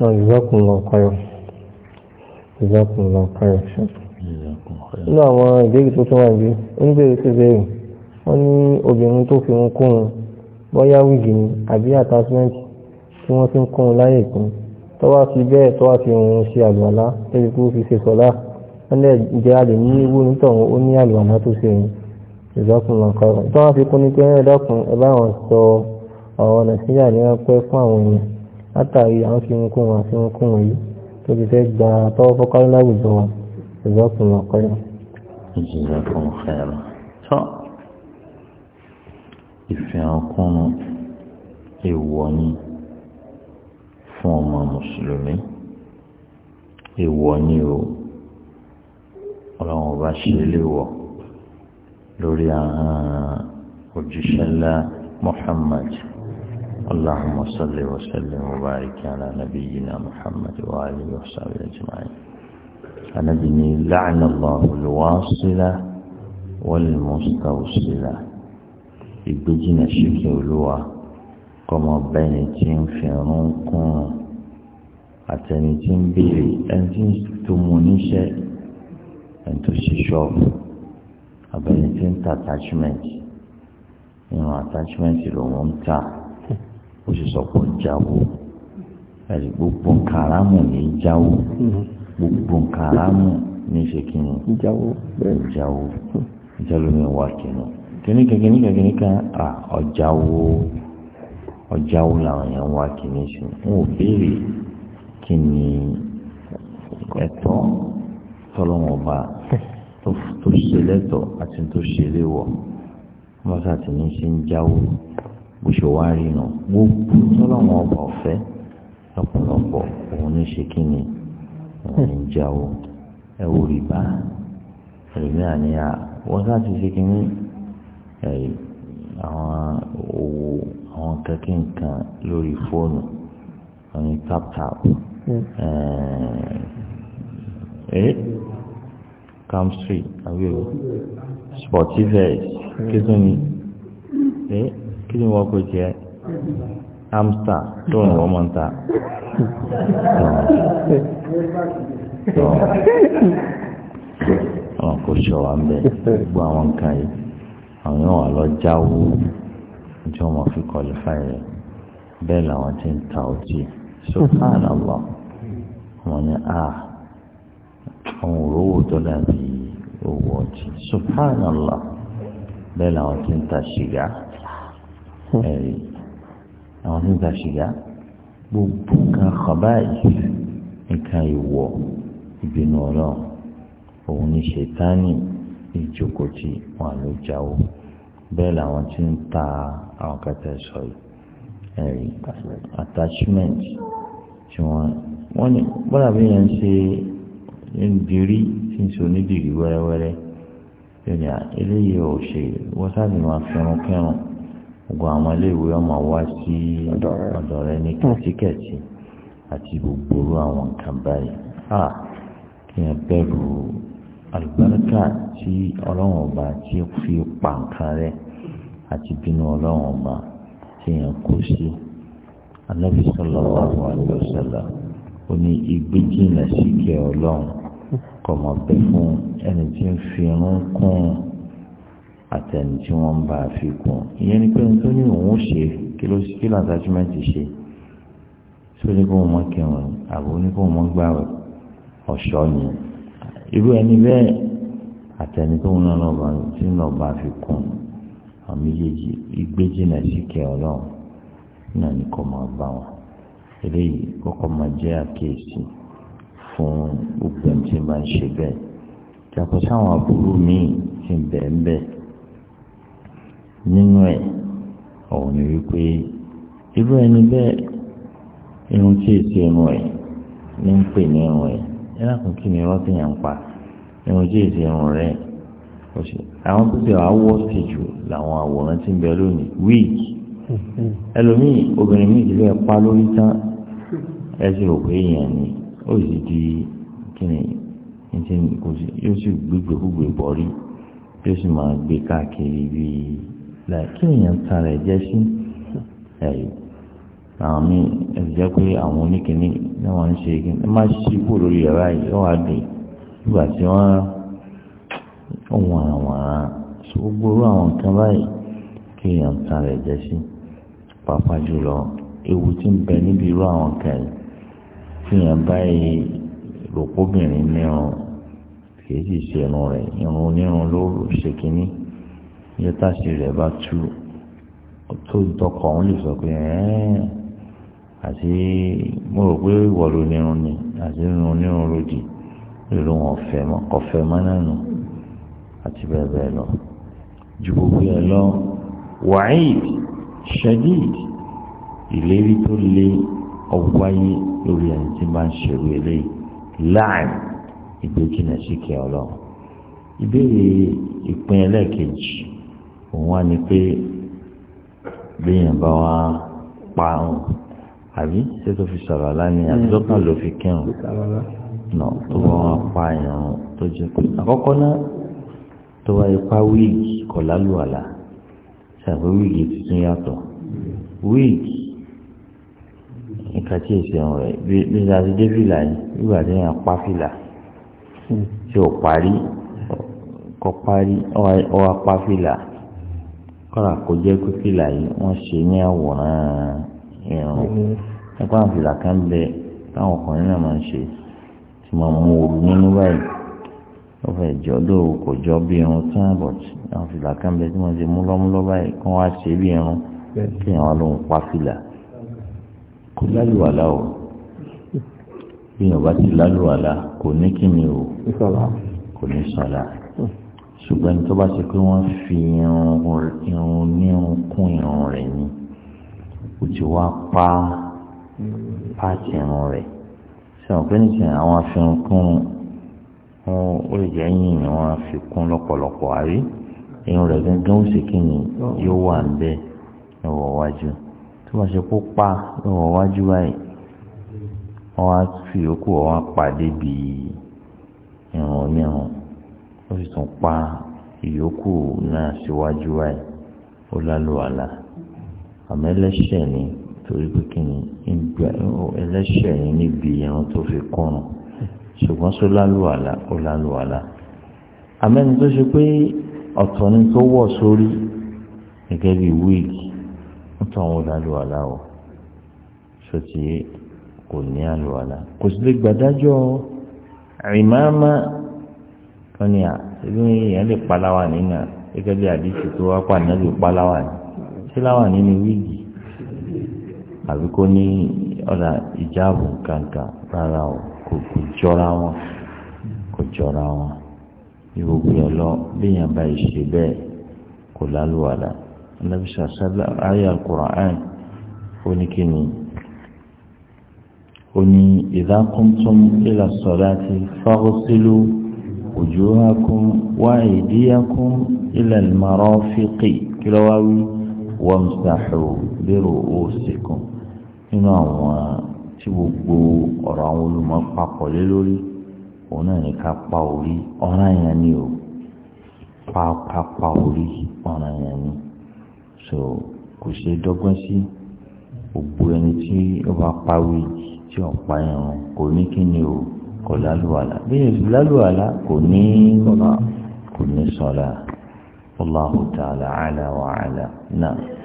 náà ìzọ́kùn lọ kọ́yọ̀ ìzọ́kùn lọ kọ́yọ̀ nínú àwọn ìbéèrè tó tún wà níbí ń béèrè sí béèrè wọ́n ní obìnrin tó fi ń kún un bóyá wíìgì ni àbí àtàsímẹ́ǹtì tí wọ́n ti ń kún un láyè kún tó wá fi bẹ́ẹ̀ tó wá fi òun ṣe àlùwàlá tẹ́lẹ̀ kó fi ṣe sọ́lá wọ́n lè jẹ́ àlè ní ewu nítorí ó ní àlùwàlá tó ṣe yìí ìzọ́kùn lọ kọ́yọ̀ tó wá fi kún ní pé ẹ̀rẹ́dọ́kùn ẹ bá wọn sọ ọ̀rọ̀ nàìjíríà ní wọ́n pẹ́ fún àwọn èèyàn látàrí àwọn fi wọn kún wọn àti wọn kún wọn yìí tó ti fẹ́ gba tọ́wọ́ fọ́kọ́rọ́ láwùjọ wa ìzọ́kùnrin ọ̀kọ́rẹ́. ìjìnlẹ̀ fún fẹ́ràn tó ìfẹ́ ọkùnrin èèwọ̀ ni fún ọmọ mùsùlùmí èèwọ̀ ni o ọlọ́run ọba ṣe léwọ̀ lórí àwọn òjíṣẹ́ ńlá Muhammad. اللهم صل وسلم وبارك على نبينا محمد وعلى اله وصحبه اجمعين انا بني لعن الله الواصله والمستوصله يدجنا شيخ ولوا كما بين تيم رونكون أتاني تيم بيري أنتين تمونيشة أنتو سيشوف أبني تيم تاتاتشمنت إنو اتاتشمنت لو ممتع ó sì sọ pé jáwó ẹ̀rí gbogbo nkàràmù ní jáwó mm-hmm. gbogbo nkàràmù ní ìṣèkínú jáwó jáwó jáwó ní mm-hmm. ìwà kínú kìnìkà kìnìkà kìnìkà ah, ọjàwó ọjàwó làwọn èèyàn wá kìnì sí wọn ò béèrè kí ni ẹ̀tọ́ tọlọmọba tó ṣe lẹ́tọ̀ọ́ àti tó ṣe léwọ̀ wọn sàtìní ṣe ń jáwó bó ṣe wá rí nù gbogbo tọ́lọ́wọ́n ọba ọ̀fẹ́ lọ́pọ̀lọpọ̀ òun ní ṣe kí ni òun ń já o ẹ wò rí bá ẹlòmí àníyá wọ́n sá ti ṣe kí ni àwọn owó àwọn kẹ́kẹ́ nǹkan lórí fóònù àwọn tap-tap ẹ̀ẹ́ camstri àbí o sportives kí tó ni ẹ̀ẹ́ kí ni wọ́n kò jẹ́ hamster tó ń wọ́n mọ́ ń ta. wọn kò sọ wa mbẹ gbogbo àwọn nǹkan yìí àwọn yóò wà lọ jáwó tí wọn fi kọlifáì rẹ bẹ́ẹ̀ làwọn ti ń ta ọtí subhanallah wọn ni a àwọn òróró tó dàbí owó ọtí subhanallah bẹ́ẹ̀ làwọn ti ń ta sìgá ẹ̀rí àwọn onígbà ṣìgá gbogbo nǹkan kọ̀ọ̀bá yìí nǹkan ìwọ̀ ìbínú ọlọ́run òun ní ṣètánì ìjókòtì wọn ló jáwó bẹ́ẹ̀ làwọn tí ń ta àwọn kẹtẹ sọ yìí ẹ̀rí attachment tí wọ́n wọ́n ní bọ́dà bí yẹn ń ṣe ń dirí tí ń ṣe onídìrí wẹ́rẹ́wẹ́rẹ́ yóò ní eléyìí ò ṣe wọ́n sábà máa fẹ́ràn kẹ́rùn-ún gbogbo àwọn iléèwé ọmọ wá sí ọ̀dọ̀ rẹ ní hmm. kẹtíkẹtì àti gbogbo àwọn nǹkan báyìí a kí n bẹ̀rù àlùbáríkà tí ọlọ́run ọba tí fi pa nǹkan rẹ àti bínú ọlọ́run ọba tí yẹn kó sí anábì sallallahu alaihi wasallam ó ní ìgbéjìnà sí kẹ ọlọ́run kọ̀mọ̀ bẹ fún ẹni tí ń fi irun kún un àtẹni tí wọ́n ń bá a fi kún ìyẹn ni pé n tó ní òun ó ṣe kí ló kí ló attachment ṣe tó ní kó mọ kẹwọn àbò ní kó mọ gbà ọ̀ṣọ́ yẹn irú ẹni bẹ́ẹ̀ àtẹni tó ń lọ bá tí ń lọ bá a fi kún àwọn méjèèjì ìgbéjìnà sí kẹ ọlọ́run náà ní kó máa bá wọn eléyìí kọ́kọ́ máa jẹ́ àkíyèsí fún gbogbo ẹni tí ń bá ń ṣe bẹ́ẹ̀ jàpọ̀ sáwọn àbúrò míì ti bẹ̀ẹ́ bẹ́ẹ̀ nínú ẹ̀ ọ̀hún ni wípé irú ẹni bẹ́ẹ̀ irun tí èsì irun ẹ̀ ní ń pè ní irun ẹ̀ yẹ́nà kún ni irọ́ tẹ̀yàn ń pa irun tí èsì irun rẹ̀ àwọn tó ti wà wọ́ sí jù làwọn àwòrán tí ń bẹ lónìí wíìkì ẹlòmíì obìnrin mi ìdílé pa lórí tán ẹ sì èèyàn ni ó sì di kí ni yóò sì gbégbé gbogbo ìbọ̀rí yóò sì máa gbé káàkiri bíi là kí èèyàn tan rẹ̀ sí ẹ̀yìn àwọn mi ẹ̀sì jẹ́ pé àwọn oníkìíní náà wọ́n ń ṣe igi ẹ má ṣí kú lórí ẹ̀rọ yìí ó wà dùn nígbà tí wọ́n ohun àwọn gbogbo àwọn nǹkan báyìí kí èèyàn tan rẹ̀ sí pàápàá jùlọ ewu tí ń bẹ níbi irú àwọn nǹkan yìí tí báyìí rògbòbìnrin nírun kì í sì ṣe irun rẹ̀ irun onírun ló ṣe kínní yẹ táṣì rẹ̀ bá tú tó ń tọkọ òun lè sọ pé ẹ́ẹ́ àti mo rò pé ìwọ nírun ni àti nínú nírun lòdì lórí wọn ọ̀fẹ́ mọ́ ọ̀fẹ́ mọ́ náà nù àti bẹ́ẹ̀ bẹ́ẹ̀ lọ ju gbogbo ẹ lọ wàhíd shadid ìlérí tó lé ọwáyé lórí ẹni tí máa ń ṣerú eléyìí láàrin ìgbéjìnà síkẹ ọlọ́run ìbéèrè ìpín ẹlẹ́ẹ̀kejì òun wá ní pé béèyàn bá wá pa òun àbí ṣé tó fi sọ̀rọ̀ lánìí àbí hmm. lọ́kàn ló fi kírun nà tó bá wá pa èèyàn tó jẹ́ pé àkọ́kọ́ náà tó wá ipá wíìgì kọ̀ lálùwàlà ṣàpé wíìgì tuntun yàtọ̀ wíìgì nǹkan tí èsì ọ̀hún rẹ̀ bí bí láti dé yìí nígbà tí wọ́n pa fìlà hmm. tí ò parí kọ́ parí ọ̀ apá fìlà kọ́ra kó jẹ́ pé fìlà yìí wọ́n ṣe ní àwòrán irun nípa àwọn fìlà kan bẹ táwọn ọkùnrin náà máa ń ṣe tí wọ́n mú ooru nínú báyìí ó fẹ́ jọ ló kò jọ bí irun tí wọ́n bọ̀ tí àwọn fìlà kan bẹ tí wọ́n ṣe múlọ́múlọ́ báyìí kí wọ́n á ṣe bí irun kí àwọn ló pa fìlà kó lálùwàlá o bí yorùbá ti lálùwàlá kò ní kí ni o kò ní sọlá ṣùgbọ́n ẹni tó bá ṣe pé wọ́n fi irun ní irun kún irun rẹ̀ ni ó ti wá pa páàtì irun rẹ̀ sọ̀rọ̀ pé nìkan àwọn afirunkún wọn ó lè jẹ́ yìn ni wọ́n fi kún lọ́pọ̀lọpọ̀ àrí irun rẹ̀ gángan ó sì kíni yóò wà ń bẹ́ẹ̀ lọ́wọ́ wájú tó bá ṣe kó pa lọ́wọ́ wájú báyìí wọ́n á fi yòókù wọ́n pàdé bíi irun onírun ó sì tún pa ìyókù náà síwájú ẹ̀ ó lálùwàlà àmọ́ ẹlẹ́ṣẹ̀ ni torí pé kí ni ẹlẹ́ṣẹ̀ ni níbi irun tó fi kọ́run ṣùgbọ́n só lálùwàlà ó lálùwàlà àmọ́ ẹni tó ṣe pé ọ̀tọ̀ ni tó wọ̀ sórí gẹ́gẹ́ bí wíìgì ń tọ́ àwọn olálùwàlà o ṣòtì kò ní àlùwàlà kò sì lè gbàdájọ́ ìmáàmá wọ́n ní à ebi èèyàn lè paláwa nínú à gẹ́gẹ́ bí àdìsí tó wá pàdé lè paláwa ní síláwà nínú wíìgì àbí kó ní ọ̀dà ìjáàbù kankan rárá o kò kò jọra wọn kò jọra wọn ìwòkù yẹn lọ léèyàn báyìí ṣe bẹ́ẹ̀ kò lálùwàlà alábìsà sábà ayé al-Qur'an ó ní kí ni ó ila salati faghsilu. وجوهكم وأيديكم إلى المرافق كلواوي وامسحوا برؤوسكم إن هو تبقوا أرعوا لما قاقوا للوري وناني كاقوا لي أرعياني pàápàá orí ọ̀ràn yẹn ni so kò ṣe dọ́gbọ́n sí gbogbo ẹni tí ó bá parí tí ọ̀pá ẹ̀rùn kò ní kí ni o kò lálùwàlà bí èsì lálùwàlà kò ní kò ní sọlá Allahu ta'ala ala náà.